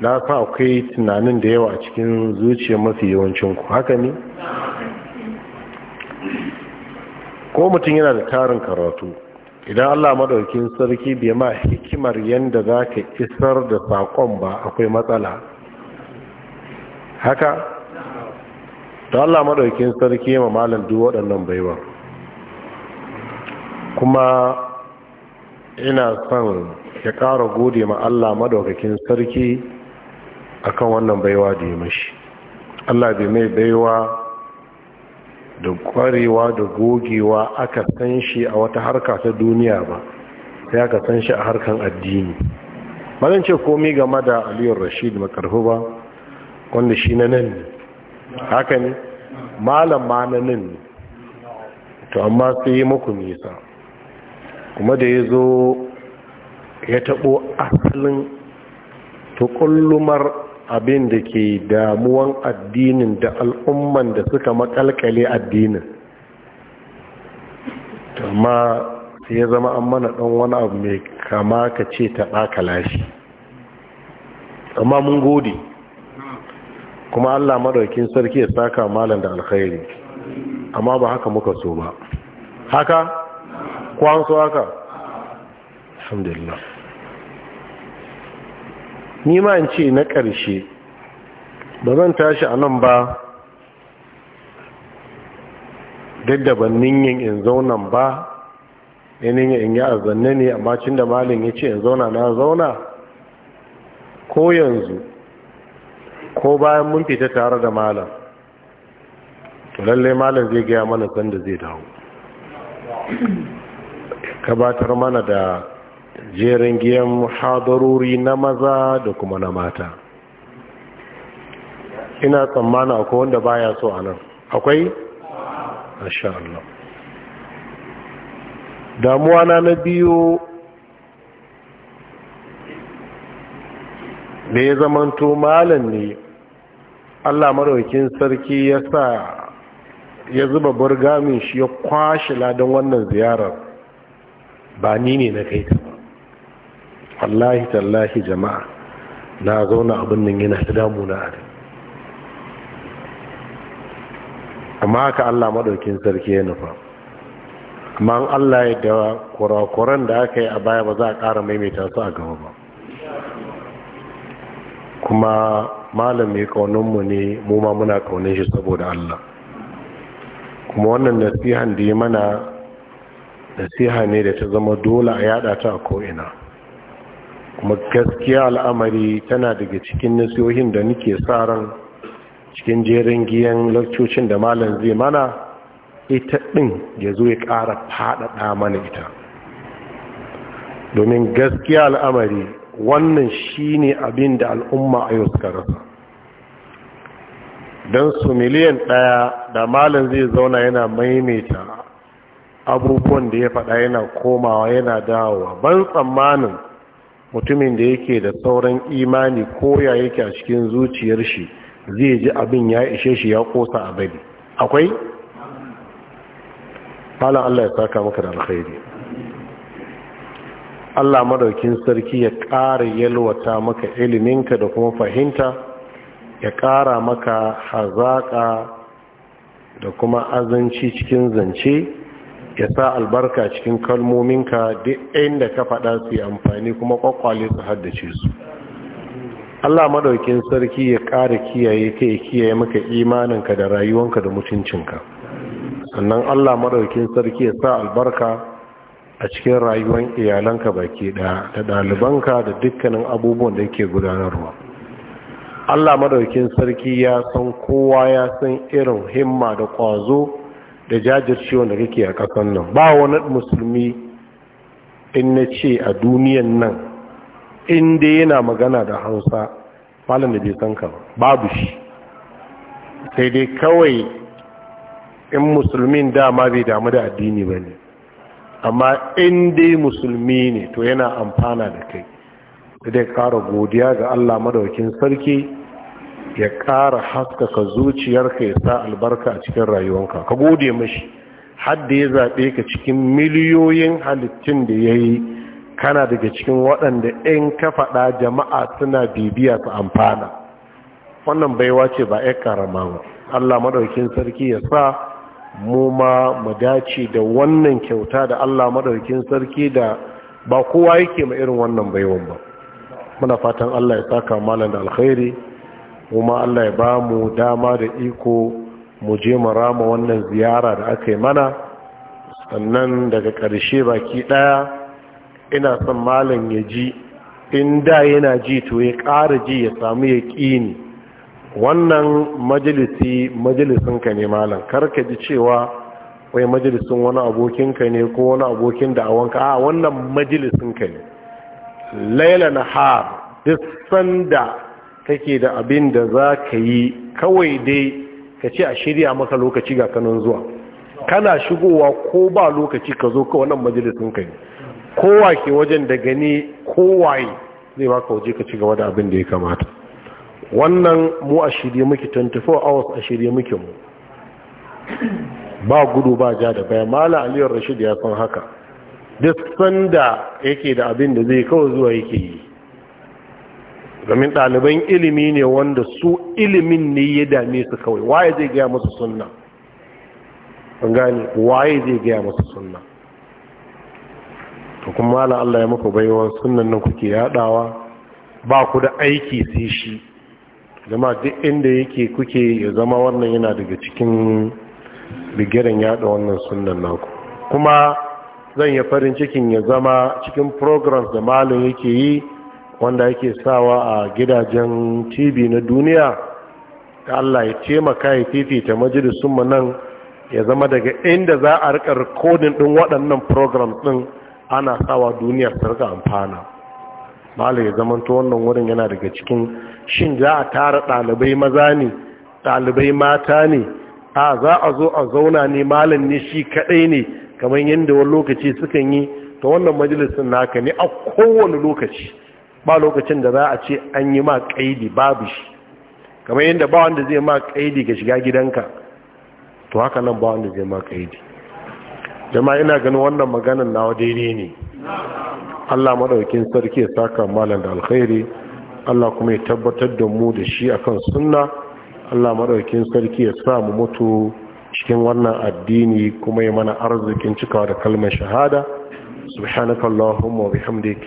na sa akwai tunanin da yawa cikin zuciya mafi yawancinku haka ne ko mutum yana da tarin karatu idan Allah madaukin sarki bai ma hikimar yanda zaka isar da sakon ba akwai matsala haka to Allah madaukin sarki ma malam duk waɗannan baiwa kuma ina son ya ƙara gode ma Allah madaukakin sarki akan wannan baiwa da ya mashi Allah bai mai baiwa da kwarewa da gogewa aka san shi a wata harka ta duniya ba sai aka san shi a harkan addini zan ce komai game da aliyar rashid makarfi ba wanda shi na nan ne haka ne malam ma na nan ne to amma sai yi muku nisa kuma da ya zo ya taɓo asalin tukullumar abin da ke damuwan addinin da al'umman da suka makalkale addinin amma sai ya zama an mana ɗan wani abu mai kama ka ce ta ɗakala shi amma mun gode kuma allah maɗaukin sarki ya saka malam da alkhairi amma ba haka muka so ba haka kwanso haka alhamdulillah ni ma in ce na ƙarshe ba zan tashi a nan ba daddabannin yin in zaunan ba yanin in yi azanne ne amma cin da malin ya ce in zauna na zauna ko yanzu ko bayan mun fita tare da malam to lallai malam zai gaya mana sanda zai dawo gabatar mana da jerin giyan hadarori na maza da kuma na mata ina tsammana akwai wanda baya so a nan akwai? Allah. damuwa na na biyu da ya zamanto malam ne Allah maraukin sarki ya sa ya zuba burgamin shi ya kwashe ladan wannan ziyarar ba ni ne na kai ta wallahi tallahi jama'a na zauna abin nan yana ta damuna a da, amma haka Allah maɗaukin sarki ya nufa amma an Allah ya da kurakuran da aka yi a baya ba za a ƙara maimaita su a gaba ba kuma malami mai ne mu ma muna kaunin shi saboda Allah kuma wannan nasihan da ya mana nasiha ne da ta zama dole a yada ta a ko'ina kuma gaskiya al'amari tana daga cikin nasihohin da nake sa ran cikin jerin giyan lakcocin da malam zai mana ita ɗin ya zo ya ƙara faɗaɗa mana ita domin gaskiya al'amari wannan shi ne abin da al'umma a yau suka rasa don su miliyan ɗaya da malam zai zauna yana maimaita abubuwan da ya faɗa yana komawa yana dawowa ban tsammanin mutumin da yake da sauran imani koya yake a cikin zuciyar shi zai ji abin ya ishe shi ya kosa a bari akwai halin Allah ya saka maka da alkhairi Allah madaukin sarki ya ƙara yalwata maka iliminka da kuma fahimta ya ƙara maka hazaƙa da kuma azanci cikin zance ya sa albarka cikin kalmominka duk inda ka faɗa su yi amfani kuma kwakwale su haddace su Allah Maɗaukin sarki ya ƙara kiyaye ka ya kiyaye maka imaninka da rayuwanka da mutuncinka sannan Allah Maɗaukin sarki ya sa albarka a cikin rayuwan iyalanka baki ɗaya da ɗalibanka da dukkanin abubuwan da yake gudanarwa Allah Maɗaukin sarki ya san kowa ya san irin himma da ƙwazo da jajircewa da kake a kasan nan ba wani musulmi in na ce a duniyan nan inda yana magana da hausa malin da bai san ka babu shi sai dai kawai in musulmin dama bai damu da addini ba ne amma in dai musulmi ne to yana amfana da kai da dai kara godiya ga allah madaukin sarki ya ƙara haskaka zuciyarka ya sa albarka a cikin rayuwanka ka gode mashi hadda ya zaɓe ka cikin miliyoyin halittun da ya yi kana daga cikin waɗanda 'yan ka faɗa jama'a suna bibiya su amfana wannan baiwa ce ba ya ƙarama ba allah maɗaukin sarki ya sa mu ma mu dace da wannan kyauta da allah maɗaukin sarki da ba kowa yake ma irin wannan baiwan ba muna fatan allah ya saka malam da alkhairi kuma Allah ya ba mu dama da iko mu je mu rama wannan ziyara da aka yi mana sannan daga ƙarshe baki ɗaya ina son malam ya ji in da yana ji to ya ƙara ji ya samu ya ƙini wannan majalisi ka ne malam karka ji cewa wai majalisin wani abokinka ne ko wani abokin da awanka a wannan ka ne laila na har duk sanda kake da abin da za ka yi kawai dai ka ce a shirya maka lokaci ga kanan zuwa kana shigowa ko ba lokaci ka zo ka wannan majalisun ka yi kowa ke wajen da gani kowaye zai baka waje ka ci gaba da abin da ya kamata wannan mu a shirya muke 24 hours a shirya muke mu ba gudu ba ja da baya mala aliyar rashid ya san haka duk sanda yake da abin da zai kawai zuwa yake yi domin ɗaliban ilimi ne wanda su ilimin ne ya dame su kawai waye zai gaya masu sunna an gani waye zai gaya masu sunna to kuma ala Allah ya muku baiwa sunnan nan kuke yaɗawa? ba ku da aiki sai shi jama duk inda yake kuke ya zama wannan yana daga cikin bigiran yada wannan sunnan naku kuma zan yi farin cikin ya zama cikin programs da malin yake yi wanda yake sawa a gidajen tv na duniya da Allah ya taimaka ya fifita majalisunmu nan ya zama daga inda za a rika rikodin din waɗannan program ɗin ana sawa duniya su rika amfana malam ya to wannan wurin yana daga cikin shin za a tara ɗalibai maza ne ɗalibai mata ne a za a zo a zauna ne malam ne shi kaɗai ne kamar yadda wani lokaci sukan yi ta wannan majalisun naka ne a kowane lokaci ba lokacin da za a ce an yi ma kaidi babu shi kamar yadda ba wanda zai ma kaidi ga shiga gidanka to haka nan ba wanda zai ma kaidi jama'a ina ganin wannan maganan nawa daidai ne Allah madaukin sarki ya saka malam da alkhairi Allah kuma ya tabbatar da mu da shi akan sunna Allah madaukin sarki ya sa mu mutu cikin wannan addini kuma ya mana arzikin cikawa da kalmar shahada subhanakallahumma wa bihamdika